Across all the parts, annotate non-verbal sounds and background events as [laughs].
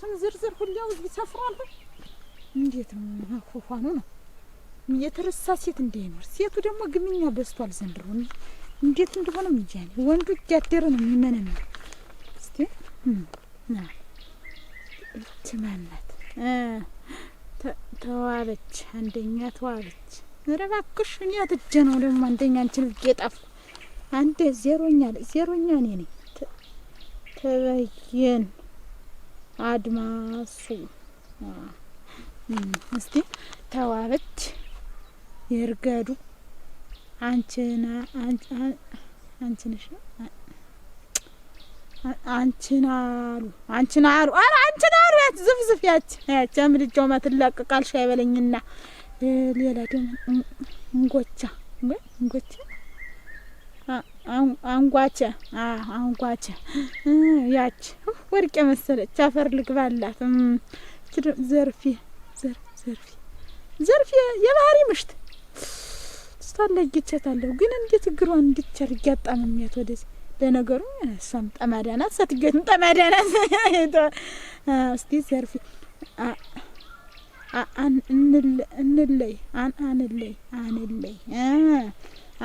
ስም ዝርዝር ሁሌው ይሰፍራሉ። እንዴት ነው ነው የተረሳ ሴት እንዳይኖር። ሴቱ ደግሞ ግምኛ በዝቷል ዘንድሮ። እንዴት እንደሆነ ምጃኔ ወንዱ እያደረ ነው የሚመነምር። እስቲ ትማናት ተዋበች፣ አንደኛ ተዋበች። ኧረ እባክሽ እኔ አትጀ ነው ደግሞ አንደኛ አንቺን ብዬ ጠፋ። አንዴ ዜሮኛ ዜሮኛ እኔ ነኝ ተበየን አድማስ እስቲ ተዋበች ይርገዱ አንቺና አንቺንሽ አንቺን አሉ አንቺን አሉ አንቺን አሉ ያች ዝፍዝፍ ያች ያች ምድጃው ማትላቀቃል ሻይ በለኝና ሌላ ደግሞ እንጎቻ እንጎቻ አንጓቸ አንጓቸ ያች ወርቅ የመሰለች አፈር ልግባላት ዘርፌ ዘርፌ ዘርፌ የባህሪ ምሽት ስታለ ጌቸታለሁ ግን እንዴት እግሯን እንዴት አድርጌ አጣምሜያት ወደዚህ ለነገሩ እሷም ጠማዳ ናት፣ ሳትገትም ጠማዳ ናት። እስቲ ዘርፌ እንለይ አንለይ አንለይ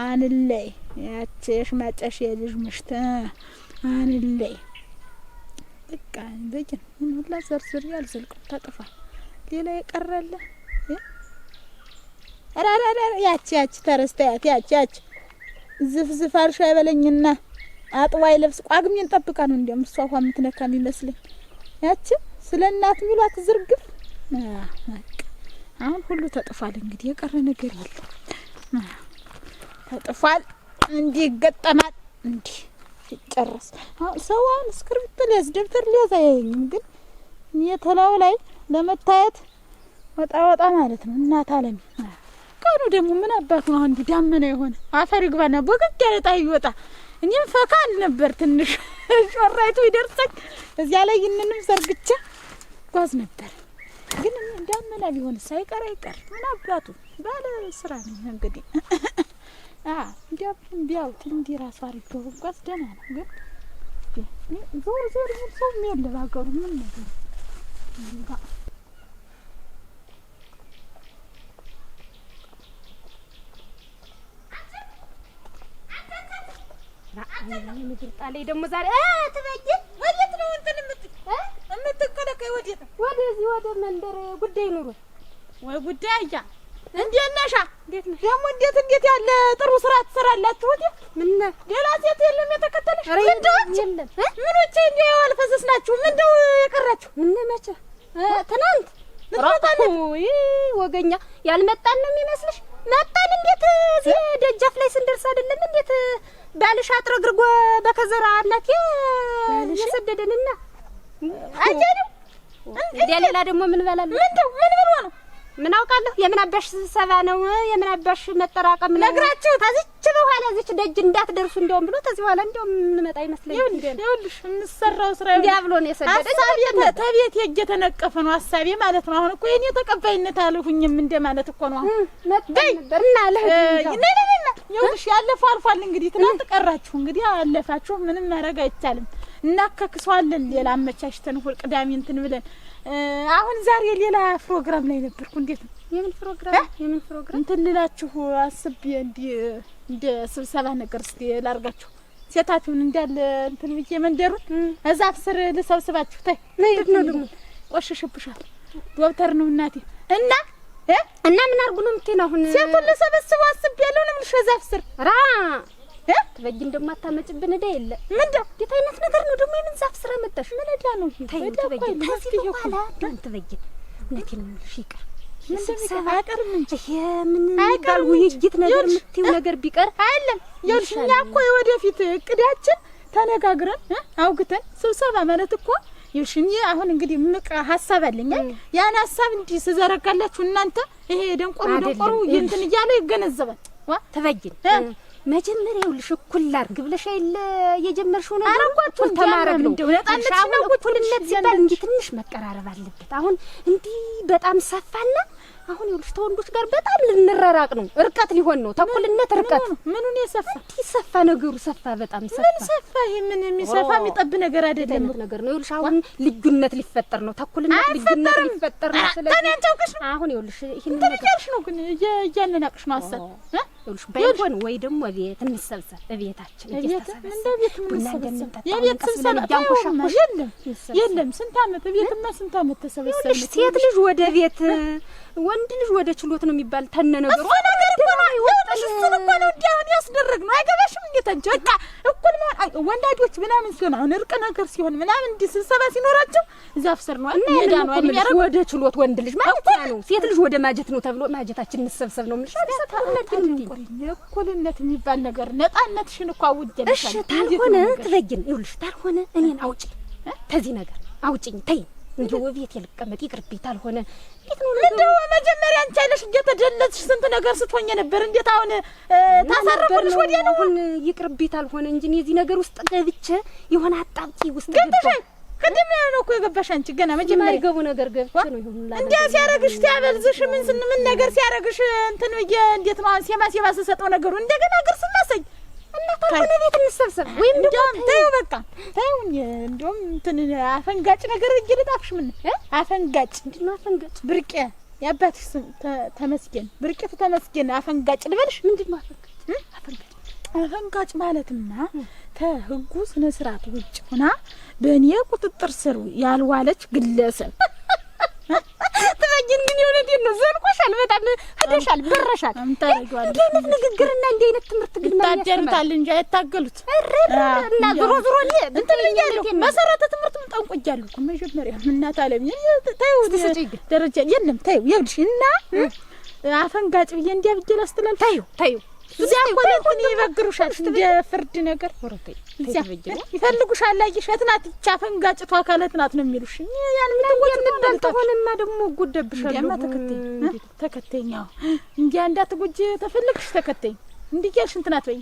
አንለይ ያችሽ መጠሽ የልጅ ምሽት አንለይ በቃ በጅን ምን ሁላ ዘርዝር ያልዘልቁም ታጠፋል። ሌላ የቀረለ ራራራ ያቺ ያቺ ተረስተያት ያቺ ያቺ ዝፍዝፍ አርሻ አይበለኝና አጥዋ ይለብስ ቋግሜን ጠብቃ ነው እንዲያውም እሷ ውሃ የምትነካ የሚመስለኝ ያቺ ስለ እናት ሚሏት ዝርግፍ አሁን ሁሉ ተጥፏል እንግዲህ የቀረ ነገር የለም። ጥፏል። እንዲህ ይገጠማል። እንዲህ ይጨርስ። ሰው አሁን እስክርቢቶ ሊያዝ ደብተር ሊያዝ አያየኝም፣ ግን የተላው ላይ ለመታየት ወጣ ወጣ ማለት ነው። እናት አለም ቀኑ ደግሞ ምን አባቱ ነው አንዱ ዳመና የሆነ አፈር ይግባና ቦገግ ያለ ጣይ ይወጣ። እኔም ፈካ አልነበር ትንሽ [laughs] ሾራይቱ ይደርሰኝ እዚያ ላይ ይንንም ሰርግቻ ጓዝ ነበር። ግን ዳመና ቢሆን ሳይቀር አይቀር ምን አባቱ ባለ ስራ ነኝ እንግዲህ [laughs] እንዲያም ቢያውትን እንዲህ ራሱ አድርገው እንኳስ ደህና ነው። ግን ዞር ዞር የሚል ሰውም የለ ባገሩ ምን ነገር ምድር ጣላይ ደግሞ ዛሬ ትበይ ወዴት ነው እንትን የምትከለከይ? ወዴት ወደዚህ ወደ መንደር ጉዳይ ኑሮ ወይ ጉዳይ እያ እንዴት ነሽ? እንዴት ነሽ? ደግሞ እንዴት እንዴት ያለ ጥሩ ስራ ትሰራላችሁ። ወዲህ ምን ሌላ ሴት የለም የተከተለሽ? ምን የለም ምኖቼ እንዲያው አልፈሰስ ናችሁ። ምንድው የቀራችሁ? ምን መቼ ትናንት ምትመጣለች ወገኛ ያልመጣን ነው የሚመስልሽ? መጣን። እንዴት እዚህ ደጃፍ ላይ ስንደርስ አይደለም እንዴት ባልሽ አጥረግርጎ በከዘራ አላኬ የሰደደንና አጀሩ እንዴ ሌላ ደግሞ ምን በላል ምንድው ምን ብሎ ነው ምን አውቃለሁ? የምናበሽ አባሽ ስብሰባ ነው? የምናበሽ መጠራቀም ነው? ነግራችሁ ታዝች በኋላ እዚች ደጅ እንዳትደርሱ እንደውም ብሎ ተዚህ በኋላ እንደውም እንመጣ ይመስለኝ። ይኸውልሽ የምሰራው ስራ ዲያብሎ ነው የሰደደ ሀሳቤ ተቤት የእጅ የተነቀፈ ነው ሀሳቤ ማለት ነው። አሁን እኮ የኔ ተቀባይነት አልሁኝም እንደ ማለት እኮ ነው። አሁን ነበር እና ለህ ይኸውልሽ ያለፈው አልፏል። እንግዲህ ትናንት ቀራችሁ፣ እንግዲህ አለፋችሁ፣ ምንም ማድረግ አይቻልም። እናካክሰዋለን። ሌላ አመቻችተን ሁል ቅዳሜ እንትን ብለን አሁን ዛሬ ሌላ ፕሮግራም ላይ ነበርኩ። እንዴት ነው? የምን ፕሮግራም? የምን ፕሮግራም? እንትን ልላችሁ አስቤ እንዲህ እንደ ስብሰባ ነገር እስቲ ላርጋችሁ ሴታችሁን እንዳለ እንትን ብዬ መንደሩን እዛፍ ስር ልሰብስባችሁ። ታይ ምንድን ነው ደግሞ ቆሽሽብሻል። ዶክተር ነው እናቴ እና እና ምን አርጉ ነው ነው አሁን ሴቱን ልሰበስበው አስቤ ነው ምንሽ እዛፍ ስር ራ ትበጊ እንደማታመጭብን እዳ የለ ምንድ ጌታ አይነት ነገር ነው ደግሞ። የምን ዛፍ ስራ መጣሽ? ምን እዳ ነው ይሄ? ተይኝ ትበጊ፣ ተዚህ በኋላ ዳን ትበጊ፣ ሽቃ ስብሰባ አይቀርም እንጂ ይሄ ምን የሚባል ውይይት ነገር የምትይው ነገር ቢቀር አይደለም። ይኸውልሽ እኛ እኮ የወደፊት እቅዳችን ተነጋግረን አውግተን ስብሰባ ማለት እኮ ይኸውልሽ አሁን እንግዲህ ምቅ ሀሳብ አለኝ። ያን ሀሳብ እንዲህ ስዘረጋላችሁ እናንተ ይሄ ደንቆሩ ደንቆሮ እንትን እያለ ይገነዘባል። ዋ ተበጊን መጀመሪያ ይኸውልሽ እኩል አድርግ ብለሽ አይደለ የጀመርሽው ነገር እኩል ተማረግ ነው። ነጻነትሽን እኩልነት ሲባል እንጂ ትንሽ መቀራረብ አለበት። አሁን እንዲህ በጣም ሰፋና አሁን ይኸውልሽ ተወንዶች ጋር በጣም ልንረራቅ ነው። እርቀት ሊሆን ነው። ተኩልነት እርቀት። ምኑን የሰፋ እንዲህ ሰፋ ነገሩ ሰፋ፣ በጣም ሰፋ። ምን ሰፋ? ይሄ ምን የሚሰፋ የሚጠብ ነገር አይደለም ነገር ነው። ይኸውልሽ አሁን ልዩነት ሊፈጠር ነው። ተኩልነት ልዩነት ሊፈጠር ነው። ስለዚህ አሁን ይኸውልሽ ይሄን ነገር ነው ግን እያለናቅሽ ማሰብ ባይሆን ወይ ደግሞ ቤት እንሰብሰብ፣ በቤታችን የቤት ስብሰባ የለም የለም። ስንት ዓመት ቤትማ ስንት ዓመት ተሰበሰብ። ሴት ልጅ ወደ ቤት፣ ወንድ ልጅ ወደ ችሎት ነው የሚባል ተነ ነገሩ ወጣሽ ወንዳጆች ምናምን ሲሆን አሁን እርቅ ነገር ሲሆን ምናምን እንዲህ ስብሰባ ሲኖራቸው ዛፍ ስር ነው እና ነው የሚያረግ ወደ ችሎት ወንድ ልጅ ማለት ነው ሴት ልጅ ወደ ማጀት ነው ተብሎ ማጀታችን እንሰብሰብ ነው የምልሽ። እኩልነት የሚባል ነገር ነፃነትሽን እኮ አውጀልሽ። እሺ ታልሆነ ትበይን ይኸውልሽ፣ ታልሆነ እኔን አውጭኝ ተዚህ ነገር አውጭኝ ተይኝ እንደው ቤት የልቀመጥ ይቅርብኝ አልሆነ እንዴት ነው እንደው መጀመሪያ አንቺ አይነሽ እየተደለትሽ ስንት ነገር ስትሆኝ ነበር። እንዴት አሁን ታሳረፈልሽ ወዲያ ነው? አሁን ይቅርብኝ አልሆነ እንጂ እዚህ ነገር ውስጥ ገብቼ የሆነ አጣብቂ ውስጥ ገባ ቅድም ነው እኮ የገባሽ አንቺ ገና መጀመሪያ የማይገቡ ነገር ገብቼ ነው ይሁን እንዴ ሲያረግሽ ሲያበልዝሽ ምን ምን ነገር ሲያረግሽ እንትን ብዬሽ እንዴት ነው ሴማ ሴማ ስሰጠው ነገሩ እንደገና ግር ስናሰኝ አፈንጋጭ ነገር እየለጣፍሽ ምን አፈንጋጭ እንዴት ነው አፈንጋጭ? ብርቄ የአባትሽ ስም ተመስገን፣ ብርቄቱ ተመስገን። አፈንጋጭ ልበልሽ? ምንድን ነው አፈንጋጭ? አፈንጋጭ ማለትማ ከህጉ ስነ ስርዓት ውጭ ሆና በእኔ ቁጥጥር ስር ያልዋለች ግለሰብ ትበጊን ግን የሆነ እንዴት ነው ዘልቆሻል፣ በጣም ህደሻል፣ በረሻል። እንዲህ አይነት ንግግርና እንዲህ አይነት ትምህርት ግን ይታደሉታል እንጂ አይታገሉት። እና ዞሮ ዞሮ እንትን ብያለሁ፣ መሰረተ ትምህርትም ጠንቆጃለሁ እኮ መጀመሪያ እናት አለም ተይው፣ ደረጃ የለም ተይው፣ ይኸውልሽ እና አፈንጋጭ ብዬ እንዲያ ብዬ ላስተላልፍ። ተይው ተይው እዚያ እኮ ነው ሁሉ ይበግሩሻል። እንደ ፍርድ ነገር ይፈልጉሻል። አየሽ እትናት ይቻፈን ጋጭቷ አካል እትናት ነው የሚሉሽ። ያን ምትወት እንዳልተሆነማ ደግሞ እጎዳብሻለሁ። ተከተኝ ተከተኝ። አዎ እንዲያ እንዳትጎጂ ተፈልግሽ ተከተኝ እንዲያልሽ እንትናት በይ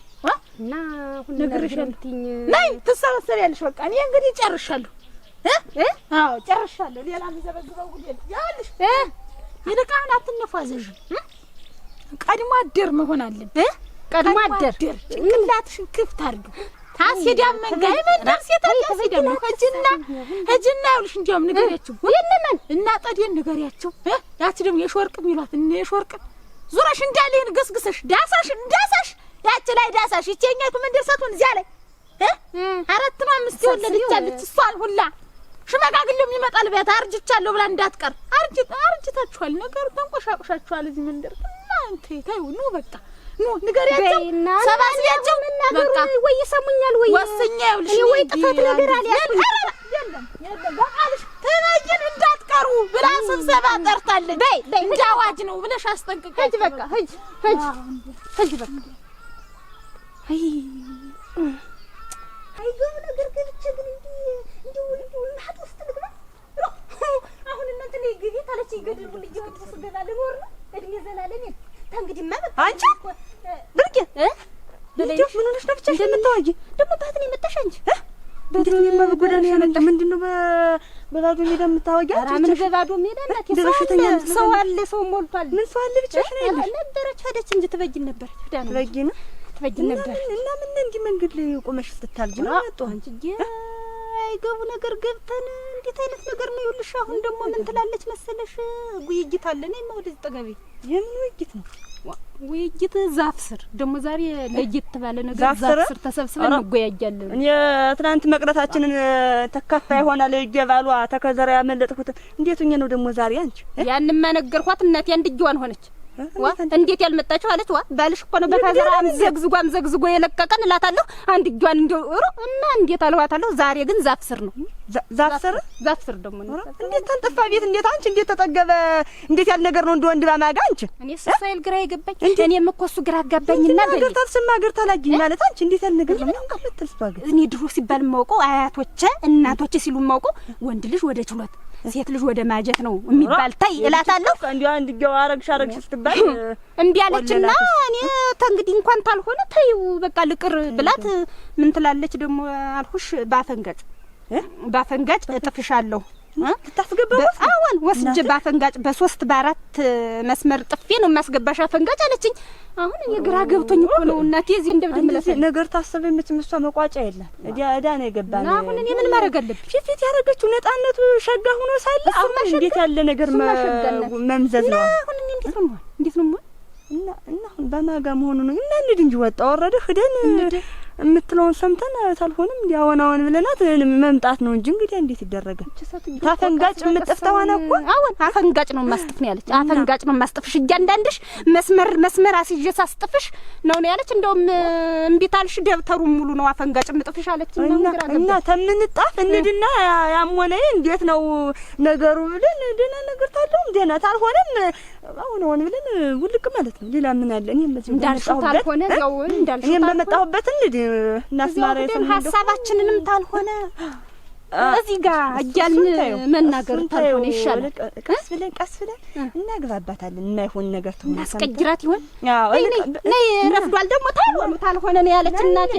እና ሁሉ ትሰበሰቢያለሽ። በቃ እኔ እንግዲህ ጨርሻለሁ አዎ ጨርሻለሁ። ሌላ የሚዘበግበው ጉድ ያልሽ እ አትነፋዘዥ። ቀድሞ አደር መሆን አለብህ። ቀድሞ አደር ጭንቅላትሽን ክፍት አድርጊው። ታስሄዳም መንጋይ መንደር ሴተኛ ሂጂና ሂጂና ይኸውልሽ፣ እንዲያውም ንገሪያቸው እና ጠዴን ንገሪያቸው። ያቺ ደግሞ የሾርቅ የሚሏት እነ የሾርቅ ዙረሽ እንዳለህን ገስግሰሽ ዳሳሽ ያቺ ላይ ዳሳሽ ይቼኛቱ መንደር ሰቱን እዚያ ላይ አራት ነው አምስት የወለደቻለች እሷን ሁላ ሽመጋግሌውም ይመጣል ቤት አርጅቻለሁ ብላ እንዳትቀር። አርጅ አርጅታችኋል፣ እዚህ መንደር ተይው በቃ ኑ ንገሪያቸው፣ ሰባስቢያቸው። መናገሩን ወይ ይሰሙኛል ወይ ወስኜ ይኸውልሽ፣ ወይ ጥፋት ነገር አልያዝኩም። ትበይን እንዳትቀሩ ብላ ስብሰባ ጠርታለች። በይ በይ እንደ አዋጅ ነው ብለሽ አስጠንቅቀሽ በቃ ሂጅ ሂጅ ሂጅ በቃ በባዶ ሜዳ የምታወጊያ ምን በባዶ ሜዳ ናት? ሰው አለ፣ ሰው ሞልቷል። ምን ሰው አለ? ብቻሽ ነው ያለሽ? ነበረች ሄደች እንጂ ትበጅን ነበረች። ነው ትበጅ ነበር እና ምን እንዲህ መንገድ ላይ ቆመሽ ስትታልጂ ነው አጥቶ አንቺ አይገቡ ነገር ገብተን እንዴት አይነት ነገር ነው? ይኸውልሽ አሁን ደግሞ ምን ትላለች መሰለሽ ጉይይት አለ ነው ወደዚህ ጠገቤ የምን ውይይት ነው? ውይይት ዛፍ ስር ደግሞ ዛሬ ለየት ባለ ነገር ዛፍ ስር ተሰብስበን እንጎያያለን። እኔ ትናንት መቅረታችንን ተካፋ ይሆናል የባሏ ተከዘራ ያመለጥኩት እንዴት ነው ደግሞ ዛሬ አንቺ ያንማ ነገርኳት እናቴ አንድ እጅዋን ሆነች እንዴት ያልመጣችሁ አለች። ዋ ባልሽ እኮ ነው በካዘራ ዘግዝጎ ዘግዝጎ የለቀቀን እላታለሁ። አንድ እጇን እንደው ሩ እና እንዴት አልዋታለሁ። ዛሬ ግን ዛፍ ስር ነው ዛፍ ስር ዛፍ ስር ደግሞ ነው። እንዴት ተንጠፋ ቤት እንዴት አንቺ እንዴት ተጠገበ እንዴት ያል ነገር ነው እንደ ወንድ ባማጋ አንቺ እኔ ስሳይል ግራ ይገባኝ። እኔም እኮ እሱ ግራ አጋባኝና ነገር ታስማ ሀገር ታላጊኝ ማለት አንቺ እንዴት ያል ነገር ነው ምትልስቷ። እኔ ድሮ ሲባል ማውቀው አያቶቼ እናቶቼ ሲሉ ማውቀው ወንድ ልጅ ወደ ችሎት ሴት ልጅ ወደ ማጀት ነው የሚባል ታይ እላታለሁ። እንዲያ እንዲያው አረግሽ አረግሽ ስትባል [clears throat] እምቢ አለችና እኔ ተንግዲህ እንኳን ታልሆነ ተይው በቃ ልቅር ብላት ምን ትላለች ደግሞ አልሁሽ፣ ባፈንገጥ ባፈንገጥ እጥፍሻለሁ ልታስገባበት አዎን፣ ወስጄ በአፈንጋጭ በሶስት በአራት መስመር ጥፌ ነው የማስገባሽ አፈንጋጭ አለችኝ። አሁን እኔ ግራ ገብቶኝ እኮ ነው እናቴ። እዚህ እንደምትመለስ ነገር ታሰበ የምትምሷ መቋጫ የለም። እዲያ እዳ ነው የገባ ነው። አሁን እኔ ምን ማድረግ አለብኝ? ፊት ፊት ያደረገችው ነጣነቱ ሸጋ ሆኖ ሳለ አሁን እንዴት ያለ ነገር መምዘዝ ነው። አሁን እኔ እንዴት ነው እንዴት ነው እና እና አሁን በማጋ መሆኑ ነው እና እንሂድ እንጂ ወጣ ወረደ ሂደን የምትለውን ሰምተን አልሆንም ታልሆንም አሁን ብለናት መምጣት ነው እንጂ እንግዲህ እንዴት ይደረጋል? ታፈንጋጭ የምጥፍ ተሆነ እኮ አሁን አፈንጋጭ ነው የማስጥፍ ነው ያለች። አፈንጋጭ ነው የማስጥፍሽ፣ እያንዳንድሽ መስመር መስመር አስይዤ ሳስጥፍሽ ነው ነው ያለች። እንደውም እምቢታልሽ ደብተሩ ሙሉ ነው አፈንጋጭ የምጥፍሽ አለች። እና ተምንጣፍ እንድና ያሞነ እንዴት ነው ነገሩ ብለን ደህና ነገር ታለው እንደና ታልሆነም አሁን አሁን ብለን ውልቅ ማለት ነው። ሌላ ምን አለ? እኔ በዚህ እንዳልሽ ታልሆነ ያው እንዳልሽ በመጣሁበት እንዴ እናስማረን ሀሳባችንንም ታልሆነ እዚህ ጋር እያልን መናገር ታልሆነ ይሻላል። ቀስ ብለን ቀስ ብለን እናግባባታለን። የማይሆን ነገር ተሆነ እናስቀይራት ይሆን? አዎ ነይ ረፍዷል። ደግሞ ታልሆነ ታልሆነ ነው ያለች እናቴ።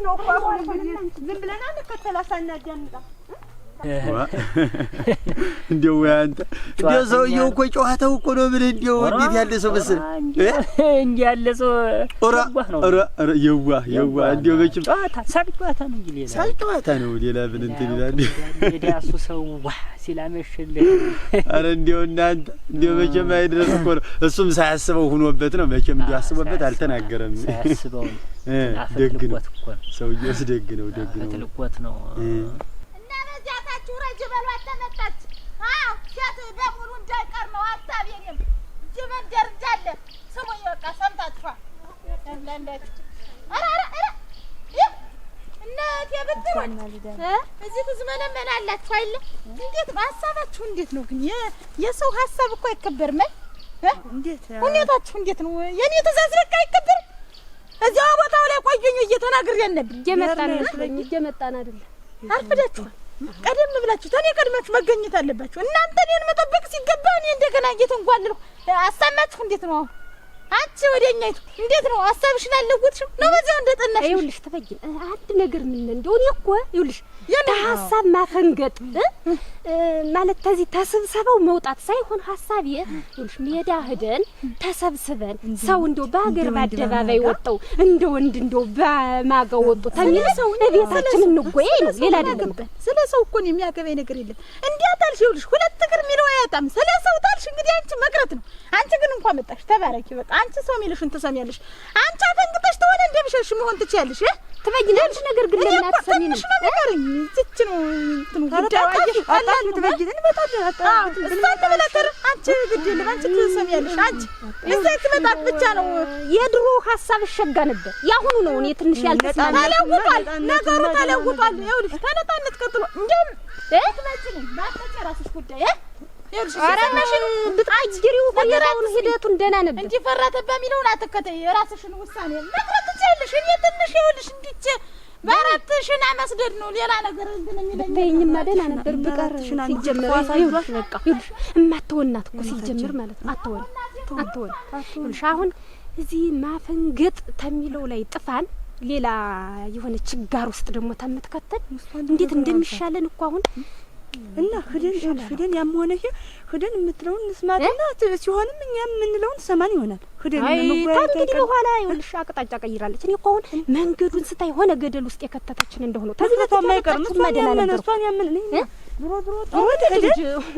ዝም ብለን አንከተላት አናዳምጣ [laughs] እንደው አንተ እንደው ሰውዬው እኮ ጨዋታው እኮ ነው። ምን እንደው እንዴት ያለ ሰው መሰለህ! እንዲህ ያለ ሰው የዋህ የዋህ እንደው መቼም ጨዋታ ሳቅ ጨዋታ ነው እንጂ ሌላ ሳቅ ጨዋታ ነው። ሌላ ምን እንትን ይላል እሱ ሰው ዋህ ሲል ኧረ እንደው እናንተ እንደው መቼም አይደረስ እኮ ነው። እሱም ሳያስበው ሁኖበት ነው መቼም እንደው አስቦበት አልተናገረም። ሳያስበው ደግ ነው ሰውዬውስ፣ ደግ ነው። ደግ ነው። ትልቆት ነው በሏት ተመጣች። አዎ ሴት ደሙሉ እንዳይቀር ነው ሀሳብ የኔም መንደር እንዳለ ስሙኝ፣ በቃ ሰምታችኋል። እዚህ ትዝመለመል አላችሁ አይለ እንዴት ሀሳባችሁ እንዴት ነው ግን? የሰው ሀሳብ እኮ አይከበርም። ሁኔታችሁ እንዴት ነው? የኔ ትእዛዝ በቃ አይከበርም። እዚያው ቦታው ላይ ቆዩኝ። እየተናግሬ ነበር። እየመጣን አይደለም፣ እየመጣን አይደለም። አርፍዳችኋል ቀደም ብላችሁ ተኔ ቀድማችሁ መገኘት አለባችሁ። እናንተ እኔን መጠበቅ ሲገባ እኔ እንደገና እየተንጓለሁ። አሳማችሁ እንዴት ነው? አንቺ ወደኛይቱ እንዴት ነው? ሀሳብሽን አልለወጥሽም ነው? በዚያው እንደጠናሽ ይኸውልሽ፣ ተፈጅን አንድ ነገር ምን እንደሆነ እኔ እኮ ይኸውልሽ ሀሳብ ማፈንገጥ ማለት ተዚህ ተሰብሰበው መውጣት ሳይሆን ሀሳብ ይኸውልሽ፣ ሜዳ ህደን ተሰብስበን ሰው እንዶ በሀገር በአደባባይ ወጣው እንዶ ወንድ እንዶ በማገው ወጡ ተሚል ሰው ቤታችን እንጎይ ነው። ሌላ አይደለም። ስለ ሰው እኮ ነው የሚያገባኝ ነገር የለም። እንዲያ ታልሽ ይኸውልሽ፣ ሁለት እግር የሚለው አያጣም። ስለ ሰው ታልሽ እንግዲህ አንቺ መቅረት ነው። አንቺ ግን እንኳን መጣሽ፣ ተባረኪ። በቃ አንቺ ሰው የሚልሽን ትሰሚያለሽ። አንቺ አፈንግጠሽ ተሆነ እንደምሸሽ መሆን ትችያለሽ። ትበይናለሽ ነገር ግን ለምን ነገር ነው ተበላተር አንቺ ግድ ትሰሚያለሽ። አንቺ ብቻ ነው። የድሮ ሀሳብ እሸጋ ነበር፣ ያሁኑ ነው እኔ ትንሽ ተለውጧል ነገሩ ተለውጧል። ይኸውልሽ ተነጣነት ቀጥሎ እንደውም እ ትመጪ ነው ራስሽ ጉዳይ እ ሂደቱን ደህና ነበር። እንዲፈረተባ የሚለውን አትከተይ። የራስሽን ውሳኔ መቅረት ትችያለሽ። እኔ ትንሽ ይኸውልሽ እንዲች በአራት ሽና ነው ሌላ ነገር ብትይኝማ ደህና ነበር ብቀር። ሲጀመር እማትሆናት እኮ ሲጀመር ማለት ነው። አትሆን አትሆን አሁን እዚህ ማፈንገጥ ተሚለው ላይ ጥፋን ሌላ የሆነ ችጋር ውስጥ ደግሞ ተምትከተል እንዴት እንደሚሻለን እኮ አሁን እና ህደን ህደን ያም ሆነ ይሄ ህደን የምትለውን እንስማትና ሲሆንም እኛ የምንለውን ሰማን ይሆናል። ህደን እንግዲህ በኋላ ይኸውልሽ አቅጣጫ ቀይራለች። እኔ እኮ አሁን መንገዱን ስታይ ሆነ ገደል ውስጥ የከተተችን እንደሆነ ተዝቶ ማይቀርም ማደላለ እሷን ያምን ድሮ ድሮ ጥሩ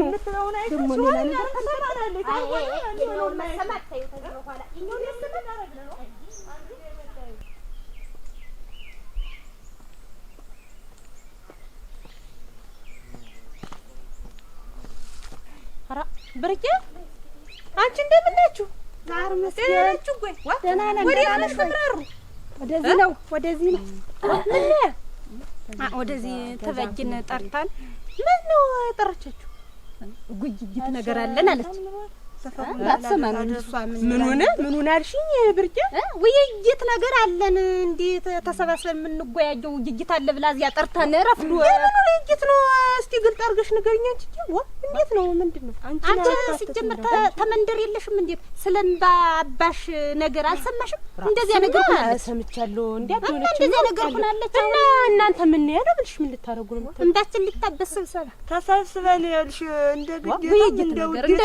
የምትለውን አይተሽ ሲሆን ብርቄ አንቺ እንደምን ናችሁ? ነን። ወደ ያለሽ ወደዚህ ነው፣ ወደዚህ ነው። ምን ነው ወደዚህ ተበጅን ጠርታን። ምን ነው ጠራቻችሁ? ጉጅጅት ነገር አለን አለች ምን ሆነ ምን ሆነ አልሽኝ? ብርቄ ውይይት ነገር አለን። እንዴት ተሰባስበን የምንጎያየው ውይይት አለ ብላ እዚያ ጠርተን ረፍዶ የምኑ ውይይት ነው? እስቲ ግልጽ አድርገሽ ንገሪኝ። አንቺ እንዴት ነው ምንድን ነው አንቺ ሲጀምር ተመንደር የለሽም? እንዴት ስለምባ አባሽ ነገር አልሰማሽም? እንደዚያ ነገር ሰምቻለሁ። እንደዚያ ነገር ሆናለች እና እናንተ ምን ያለው ብልሽ ምን ልታደርጉ ነው? እንባችን ሊታበስ ስብሰባ ተሰብስበን ያልሽ እንደ ግዴታ እንደ ውዴታ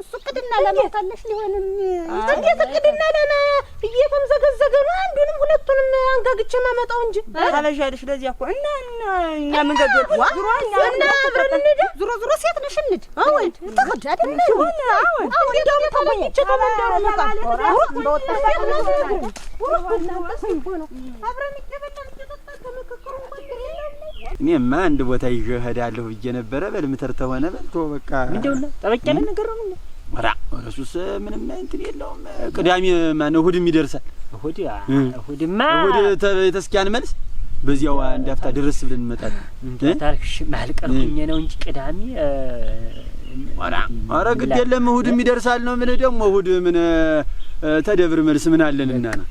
እሱ እቅድና ለማታለሽ ሊሆንም እንዴት እቅድና ለማ እየተምዘገዘገ ነው። አንዱንም ሁለቱንም አንጋግቼ ማመጣው እንጂ ታለዣለሽ። ለዚያ እኮ እና እኛ መንገድ ዙሮ ዙሮ ሴት ነሽ እንጂ አወይ ተቀዳ አይደል? አወይ አወይ ደግሞ ተቆይቼ ተመንደሩ ነው አብረን ይደበላል ተመክክሩ እንኳን እኔማ አንድ ቦታ ይዤ እሄዳለሁ ብዬ ነበረ። በል ምትር ተሆነ በልቶ በቃ። ምንድነው ጠበቅ ያለ ነገር ነው። ምን ወራ እሱስ ምንም እንትን የለውም። ቅዳሜ ማነው እሑድም ይደርሳል። እሑድ እሑድማ እሑድ ተስኪያን መልስ በዚያው እንዳፍታ አፍታ ድረስ ብለን እንመጣለን። ታርክሽ ማልቀርኩኝ ነው እንጂ ቅዳሜ ወራ ወራ ግድ የለም እሑድም ይደርሳል ነው። ምን ደግሞ እሑድ ምን ተደብር መልስ ምን አለንና ነው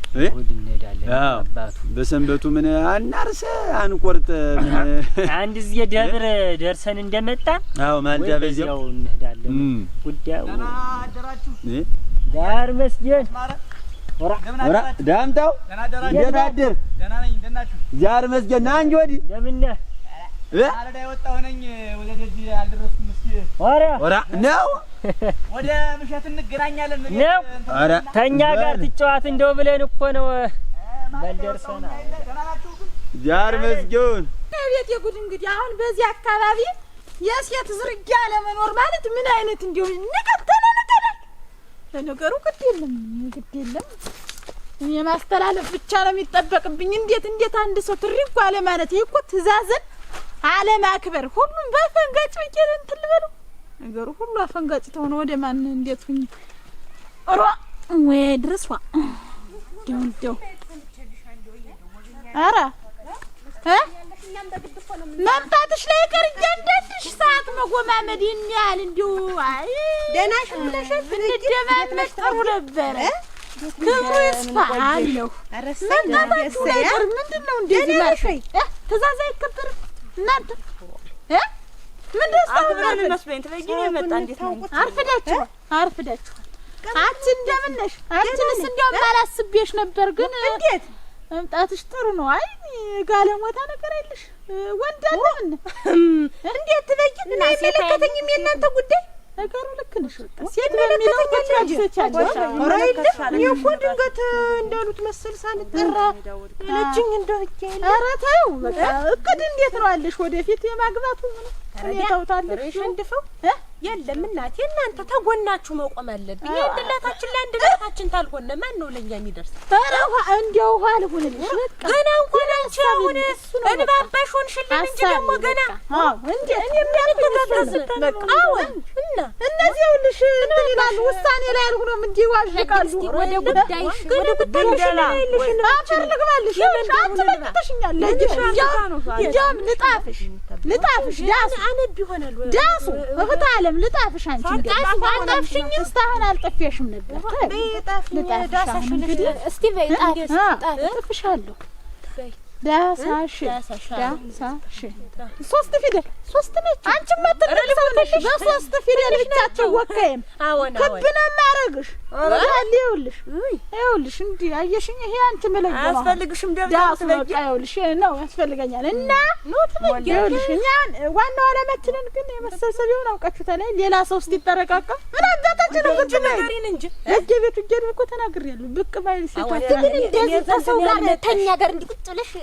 በሰንበቱ ምን አናርሰ አንቆርጥ ምን [laughs] አንድ እዚህ ደብር ደርሰን እንደመጣ አዎ ማልዳ በዚያው እንሄዳለን። ጉዳዩ ዳር መስጊድ ወራ ዳምጣው ደህና አደር ዳር ና እንጂ ወዲህ የወጣሁ ነኝ ወደ ደጅ አልደረስኩም። ኧረ ነው ወደ ምሸት እንገናኛለን ነው ጋር ትጫዋት እንደው ብለን እኮ ነው መስጊውን የጉድ እንግዲህ አሁን በዚህ አካባቢ የሴት ዝርያ ለመኖር ማለት ምን አይነት እንዲሁ ለነገሩ ግድ የለም ግድ የለም የማስተላለፍ ብቻ ነው የሚጠበቅብኝ። እንዴት እንዴት አንድ ሰው ትሪጓ ለማለት ይህ እኮ ትእዛዝን አለማክበር ሁሉም በአፈንጋጭ ወቄን እንትን ልበለው ነገሩ ሁሉ አፈንጋጭ ተሆነ ወደ ማን እንዴት ሁኝ ሮ ወይ ድረሷ ደው አረ መምጣትሽ ላይ ቀር እያንዳንድሽ ሰዓት መጎማመድ ይህን ያህል እንዲሁ አይ ደናሽ ብለሽ እንደማመድ ጥሩ ነበረ። ክብሩ ይስፋ አለሁ መምጣታችሁ ላይ ቀር ምንድን ነው እንደዚህ ማለት ትእዛዝ አይከበርም። እናንተ እ ምን ደስታ ብለን እነሱ ላይ ግን የመጣ እንዴት ነው? አርፍዳችኋል፣ አርፍዳችኋል። አንቺ እንደምን ነሽ? አንቺንስ እንዲያውም አላስቤሽ ነበር። ግን እንዴት መምጣትሽ ጥሩ ነው። አይ ጋለሞታ ነገር የለሽ ወንድ አለ ምን እንዴት ትበይት? እና አይመለከተኝም የእናንተ ጉዳይ ነገሩ ልክ ነሽ። ሴት በሚለው እኮ ድንገት እንዳሉት መሰል ሳንጠራ ለችኝ እንደው ኧረ በቃ እቅድ እንዴት ነው አለሽ? ወደፊት የማግባቱ ሁኔታው ታለሽ እንድፈው የለም እናቴ፣ እናንተ ተጎናችሁ መቆም አለብኝ። አንድነታችን ለአንድነታችን ታልሆነ ማን ነው ለእኛ የሚደርስ? ኧረ እንዲያው ውሃ አልሆንልሽ ገና እንኳን አንቺ አሁን እንባባሽ ሆንሽልን እንጂ ደግሞ ገና እንዴ እኔ እና እነዚህ ይኸውልሽ እንትን ይላሉ ውሳኔ ላይ አልሆኖም እንዲ ወደ ጉዳይሽ ወደ ጉዳይሽ አፈር ልግባልሽ አትመጥተሽኛል። እንዲያውም ልጣፍሽ ልጣፍሽ ዳሱ አነብ ይሆናል ዳሱ እህት አለም አይደለም ልጣፍሽ። አንቺ ጣፍ አልጣፍሽኝ እስካሁን አልጠፊያሽም ነበር። ጣፍ ልጣፍሽ። እንግዲህ እስቲ በይ ጣፍ ጣፍ እጥፍሻለሁ ዳሳሽ ዳሳሽ ሶስት ፊደል ሶስት ነች። አንቺማ አትነቅሳለሽ። በሶስት ፊደል ብቻ አትወከይም። ክብ ነው የማደርግሽ። ይኸውልሽ ይኸውልሽ እንዲህ አየሽኝ። ይሄ አንቺ ምለኝ አያስፈልግሽም። ዳሱ ይኸውልሽ ነው ያስፈልገኛል። እና ይኸውልሽ እኛን ዋናው ዓላማችንን ግን የመሰብሰቢያውን አውቃችሁታል። ሌላ ሰው ውስጥ ይጠረቃቀም ምን አጋጣችን ነው ግድ ነገሪን እንጂ እጅ ቤቱ እጀ እኮ ተናግሬያለሁ። ብቅ ባይል ሴቷ ግን እንደዚህ ከሰው ጋር ተኛ ጋር እንዲህ ብለሽ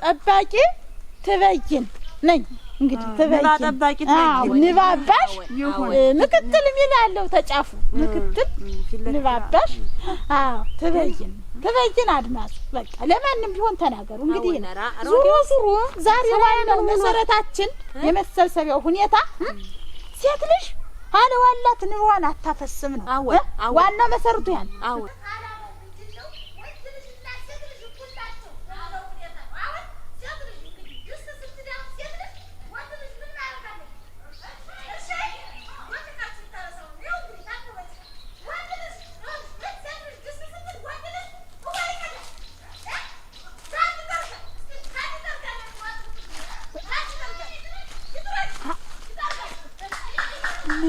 ጠባቂ ትበይን ነኝ እንግዲህ ትበይን ንባ አባሽ ምክትል የሚል አለው ተጫፉ ምክትል ንባባሽ ትበይን ትበይን አድማስ በቃ ለማንም ቢሆን ተናገሩ። እንግዲህ ዙሮ ዙሮ ዛሬ ዋናው መሰረታችን የመሰብሰቢያው ሁኔታ ሴት ልጅ አለዋላት ንባዋን አታፈስም ነው ዋና መሰረቱ ያን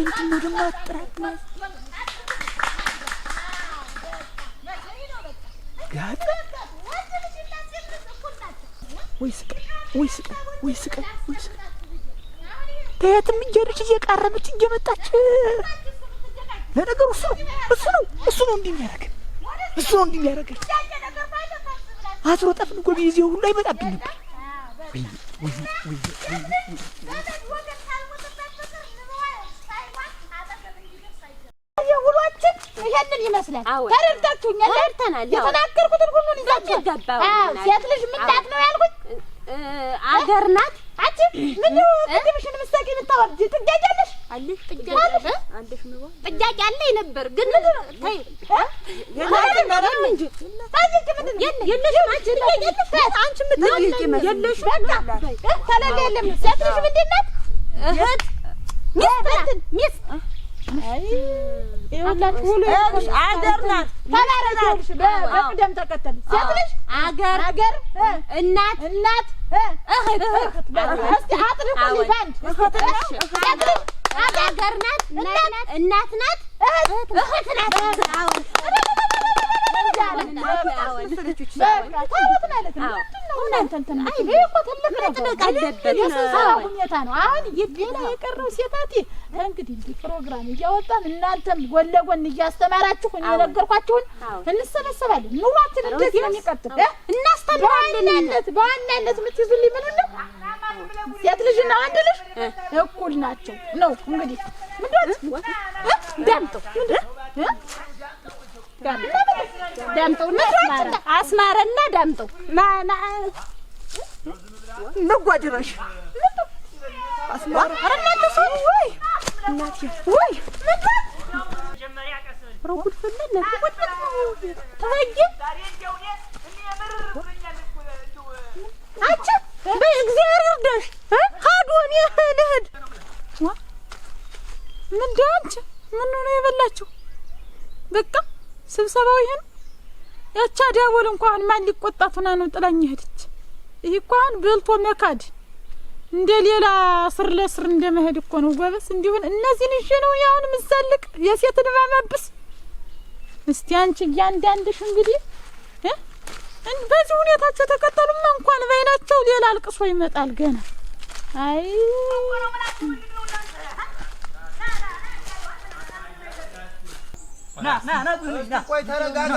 ምንድን ነው ደግሞ አጥራት ማለት ጋጥ ወይ ስቀል ወይ ስቀል ወይ ስቀል ወይ ስቀል ከየትም እንጀርች እየቃረበች እየመጣች ለነገሩ እሱ ነው እሱ ነው እሱ ነው እንዲህ የሚያደርገን እሱ ነው እንዲህ የሚያደርገን። አስሮ ጠፍን ጎቢ ይዜ ሁሉ አይመጣብን ነበር ወይ ወይ ወይ ያለን ይመስላል። ተረድታችሁኛል። የተናገርኩትን ሁሉን ይዛችኋል። ሴት ልጅ ምንጣት ነው ያልኩኝ አገር ናት። አንቺ ምን ነው ግድምሽን ምሳቂ ልታወርጂ ጥጃጃለሽ? አለሽ ጥጃጃለሽ? ነው አለኝ ነበር ግን ምንድን ነው አይ በቅደም ተከተል ሴት ልጅ አገር አገር እናት እናት እህት እህት እስኪ አጥልቁልኝ በአንድ ሴት ልጅ አገር ናት እናት ናት እህት ናት እህት ናት መጥበቅ አለበት። የስብሰባ ሁኔታ ነው አሁን ይድና የቀረው ሴታቲ እንግዲህ እንዲህ ፕሮግራም እያወጣን እናንተም ጎን ለጎን እያስተማራችሁ የነገርኳችሁን እንሰበሰባለን። ኑሯችን እንደዚህ ነው የሚቀጥል እናስተምራለንነት በዋናነት የምትይዙልኝ ምን ነው ሴት ልጅና ወንድ ልጅ እኩል ናቸው ነው እንግዲህ ምንድን ዳምጠው ምንድን ዳምጠው አስማረና ዳምጠው መጓድረሽ በእግዚአብሔር እርዳሽ። ሀዶን ስብሰባው ይህን ያቻ ዲያቦል እንኳን ማን ሊቆጣት ሆና ነው ጥላኝ ሄደች። ይህ እኮ አሁን በልቶ መካድ እንደ ሌላ ስር ለስር እንደ መሄድ እኮ ነው ጎበዝ። እንዲሁን እነዚህን ይዤ ነው ያሁን ምዛልቅ የሴት ንባ ማብስ። እስቲ አንቺ እያንዳንድሽ እንግዲህ በዚህ ሁኔታቸው ተቀጠሉማ እንኳን በይናቸው ሌላ አልቅሶ ይመጣል ገና። አይ ና ቆይ ተረጋጋ።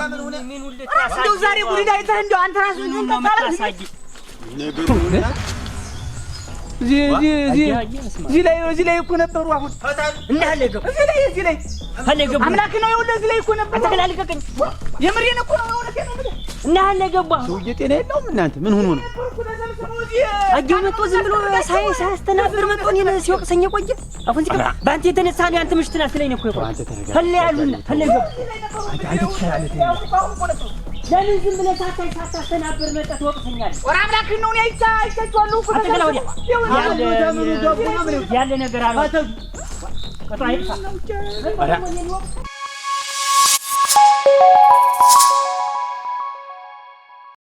ምን ሁለት እንደው ዛሬ ጉድ አይተህ እንደው አንተ ራስህ ምን ታላለህ? እዚህ ላይ እዚህ ላይ እኮ ነበሩ። አሁን እንዳለ አምላክ ነው የሆነ እዚህ ላይ እኮ ነበሩ። የምሬን እኮ ነው የሆነ እንዳለ ገቡ። አሁን ሰውዬ ጤና የለውም። እናንተ ምን ሆኖ ነው? አየሁ መጥቶ ዝም ብሎ ሳያስተናብር መጥቶ እኔን ሲወቅሰኝ ቆየ። አሁን እዚህ በአንተ የተነሳ ነው የአንተ ምሽት ናት ላይ ነው እኮ ፈለያሉና ፈለገቡ ለምን ዝም ብለህ ሳታይ ሳታሰናብር መጠት ወቅትኛለህ? ወራ አምላክህን ነው ያለ ነገር አለ